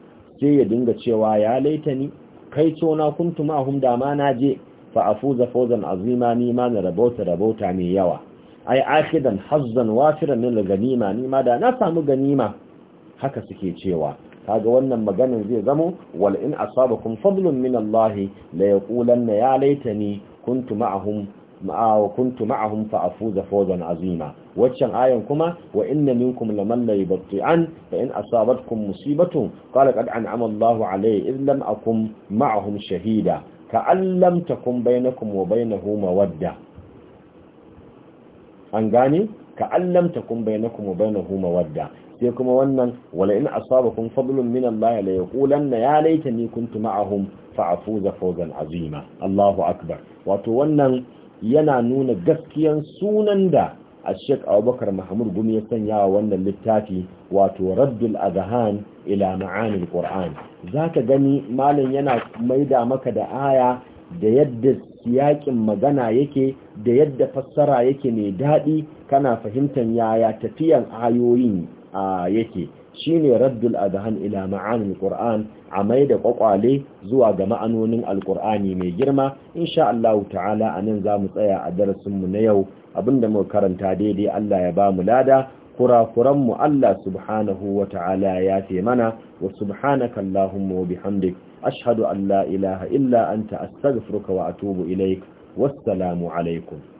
sai ya dinga cewa ya laita ni kai na kuntu ma'ahum da na je fa afuza fawzan azima nima na rabauta rabauta mai yawa ai akhidan hazzan wafiran min ganima nima, da na samu ganima haka suke cewa kaga wannan maganin zai zamo wal in asabakum fadlun min Allah la yaqulanna ya laitani kuntu ma'ahum wa kuntu ma'ahum fa afuza fawzan azima waccan ayan kuma wa inna minkum laman la yubti'an fa in asabatkum musibatun qala qad an'ama Allahu alayhi id lam akum ma'ahum shahida ka'an lam takun bainakum wa bainahu mawadda an gane ka'an lam takun bainakum wa bainahu mawadda sai kuma wannan wala in asabakum fadlun min Allah la yaqulanna ya laitani kuntu ma'ahum fa afuza fawzan azima Allahu akbar wato wannan yana nuna gaskiyan sunan da a sheik abubakar mahamud gumi ya sanya wa wannan littafi wato raddul azhan ila ma'anin qur'an zaka gani malam yana maida maka da aya da yadda siyakin magana yake da yadda fassara yake mai daɗi kana fahimtar yaya tafiyan ayoyin yake shine raddul adhan ila ma'anil qur'an amai da kwakwale zuwa ga ma'anonin alqur'ani mai girma insha Allah ta'ala anan zamu tsaya a darasin mu na yau abinda muka karanta daidai Allah ya ba mu lada kurakuran mu Allah subhanahu wa ta'ala ya fe mana wa subhanaka allahumma wa bihamdik ashhadu an la ilaha illa anta astaghfiruka wa atubu ilaik wassalamu alaikum